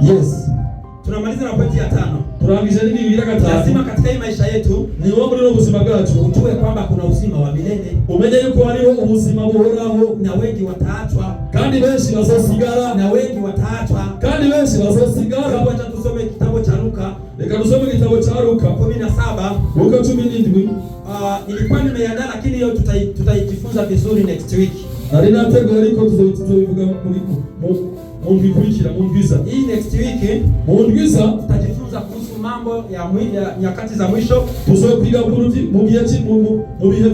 Yes. Tunamaliza na pointi ya tano. Tunaangisha nini bila kata? Lazima katika hii maisha yetu ni wogo leo busima gacho. utue kwamba kuna uzima wa milele. Umeje yuko uzima ubuzima buhoraho na wengi wataachwa. Kandi wesi na sasa sigara na wengi wataachwa. Kandi wesi na sasa sigara. bazosigara. Wacha tusome kitabu cha Luka. Leka tusome kitabu cha Luka 17. Luka 17. Ah, uh, nilikuwa nimeandaa lakini leo tutaijifunza tuta vizuri next week. Na linategwa liko tuzoivuga muliko mumvikwikira mumviza. Hii next week mumviza, tutajifunza kuhusu mambo ya mwili ya nyakati za mwisho, tuzopiga buruti mu gihe mu bihe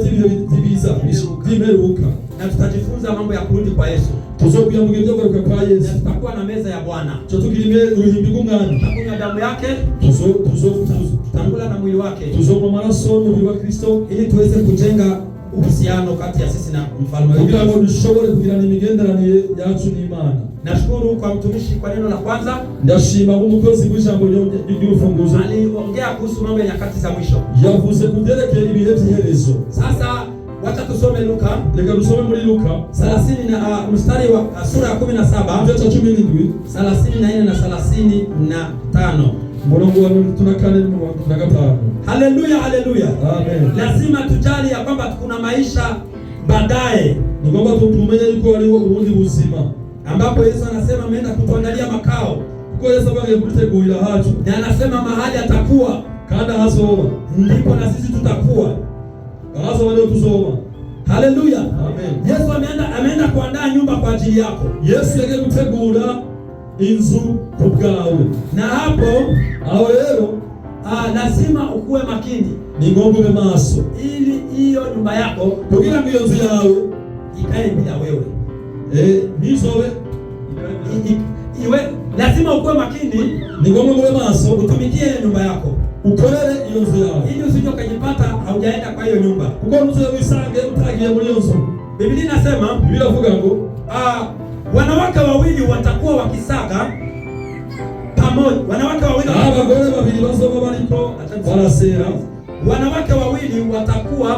by'ibiza by'imperuka, na tutajifunza mambo ya kurudi kwa Yesu, tuzopiga piga gihe byo kugaruka kwa Yesu, na tutakuwa na meza ya Bwana, cyo tukirime uruhimbi rw'umwami, tutakunywa damu yake, tuzo tuzo tutangula na mwili wake, tuzoma maraso mu biwa Kristo, ili tuweze kujenga uhusiano kati ya sisi na mfalme kugira ngo dushobore kugirana ni yacu n'Imana. Nashukuru kwa mtumishi kwa neno la kwanza. Ndashima umukozi w'ijambo ry'urufunguzo aliongea kuhusu mambo ya nyakati za mwisho, yavuze kuvyerekeye ibihe vy'iherezo. Sasa wacha tusome Luka, Leka tusome muri Luka 30 na uh, mstari wa uh, sura ya 17 mstari wa 17 34 na 35 murongo wa mirongo na kane n'umurongo na haleluya haleluya amen lazima tujali ya kwamba kuna maisha baadaye ni kwamba tumenye yuko hariho ubundi buzima ambapo Yesu anasema ameenda kutuandalia makao kuko Yesu abange kututegurira hacu na anasema mahali atakuwa kandi ahazoma ndipo na sisi tutakuwa ahazoma ndio tuzoma haleluya amen Yesu ameenda ameenda kuandaa nyumba kwa ajili yako Yesu yake kutegura inzu kubwawe na hapo aho rero lazima ukuwe makini ni maso ili hiyo nyumba yako kugira mbio iyo nzu yawe ikae bila wewe eh nizowe iwe lazima ukuwe makini ni ngombwe maso utumikie nyumba yako ukorere iyo nzu yawe ili usije ukajipata haujaenda kwa hiyo nyumba kuko nzu wisange utagiye muri Biblia inasema Biblia inavuga ngo ah wanawake wawili watakuwa wakisaga pamoja. Wanawake wawili abagore babiri bazoba bariko barasera, wanawake wawili watakuwa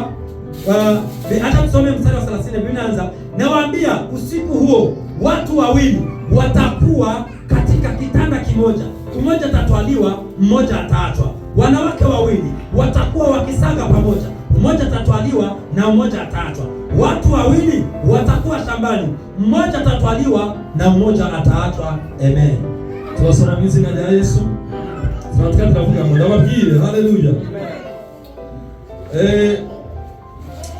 uh, hata uh, tusome mstari wa 30 Biblia inaanza, nawaambia usiku huo watu wawili watakuwa katika kitanda kimoja, mmoja atatwaliwa, mmoja ataachwa. Wanawake wawili watakuwa wakisaga pamoja atatwaliwa na mmoja ataachwa. Watu wawili watakuwa shambani, mmoja atatwaliwa na mmoja ataachwa. Amen. Tuwasora mizi na ya Yesu. Tunataka tukavuka wa pili. Haleluya. Eh,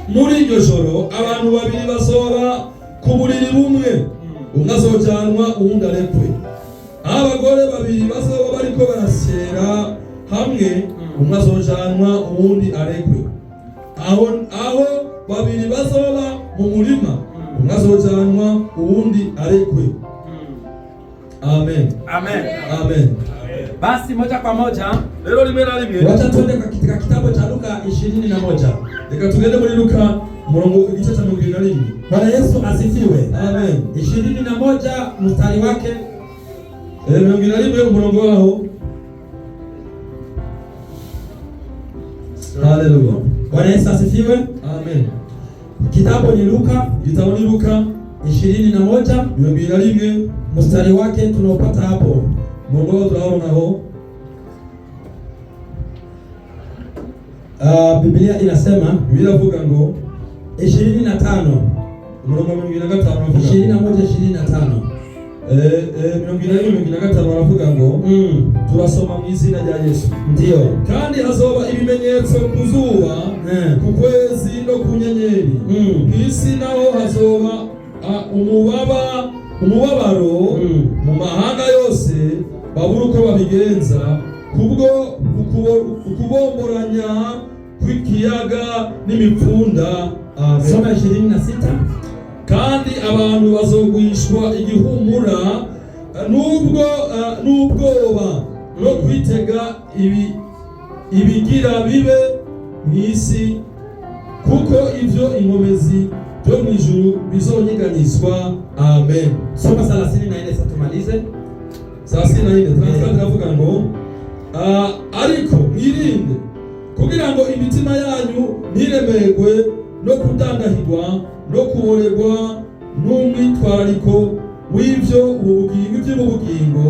muri iryo joro abantu babiri bazoba kuburiri bumwe, umwe azojanwa uwundi arekwe. Abagore babiri basoba bariko barasera hamwe, mm. umwe azojanwa uwundi arekwe aho aho babiri bazoba mu murima hmm. umwe azojanwa uwundi arekwe hmm. Amen. Amen. Amen. Basi moja kwa moja leo limera limwe. Wacha twende katika kitabu cha Luka 21. Leka tugende muri Luka mrongo igice cha 21. Bwana Yesu asifiwe. Amen. 21 mstari wake eh, 21 mrongo wao. Hallelujah. Bwana Yesu asifiwe. Amen. Kitabu ni Luka, kitabu ni Luka 21 na moja mstari wake tunaopata hapo mwondo tunaonaho. Uh, ah, Biblia inasema viravuga ngo 25 mlongo mwingine ngapi na 21 25 Eh, eh, mirongo ine n'irindwi na gatanu baravuga ngo turasoma mu izina rya yesu ndiyo kandi hazoba ibimenyetso ku zuba eh. ku kwezi no ku nyenyeri mm. ku isi naho hazoba umubaba umubabaro mm. mu mahanga yose babura uko babigenza kubwo ukubomboranya kw'ikiyaga n'imipfunda soma ishirini na sita kandi abantu bazogwishwa igihumura eh, n'ubwo eh, n'ubwoba no kwitega ibigira bibe mu isi kuko ibyo inkomezi byo mu ijuru bizonyiganizwa amen soma salasini na ine satumalize salasini na ine turangira turavuga ngo eh, ariko mwirinde kugira ngo imitima yanyu ntiremerwe no kudandahirwa kuborerwa n'umwitwarariko w'ibyo ubugingo iby'ubugingo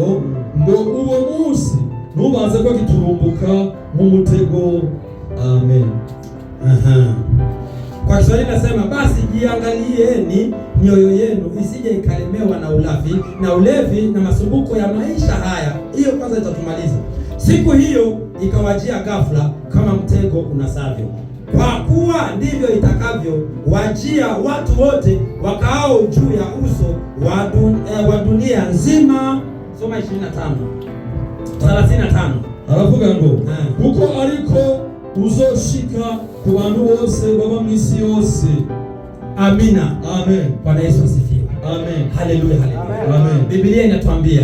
ngo uwo munsi ntubanze ko giturumbuka nk'umutego amen Aha. Kwa Kiswahili nasema basi jiangalieni mioyo yenu isije ikalemewa na ulafi na ulevi na masumbuko ya maisha haya. Hiyo kwanza itatumaliza. Siku hiyo ikawajia ghafla kama mtego unasavyo kwa kuwa ndivyo itakavyo wajia watu wote wakaao juu ya uso wa dun, eh, dunia nzima. Soma 25 35. Aravuga ngo kuko ariko uzoshika ku bantu bose baba mu isi yose. Amina, amen. Bwana Yesu asifiwe, amen. Haleluya, haleluya, amen. Biblia inatuambia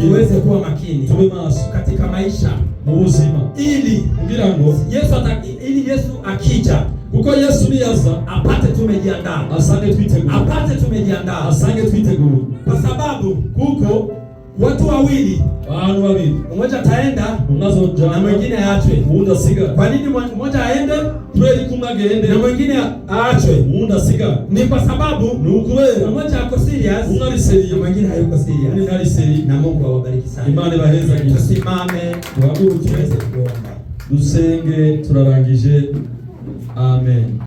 tuweze kuwa makini, tuwe katika maisha muzima ili kugira ngo yesu ili yesu akija kuko yesu niyaza apate tumejiandaa asange twiteguye apate tumejiandaa asange twiteguye kwa sababu kuko watu wawili bantu babiri mmoja ataenda unazojana na mwingine aachwe muunda siga kwa nini mmoja aende tweli kumwe agende na mwingine aachwe muunda siga ni kwa sababu ni ukubera mmoja ako serious unali serious mwingine hayuko serious ni nali serious na Mungu awabariki sana imani baheza tusimame tuabudu tuweze kuomba dusenge turarangije amen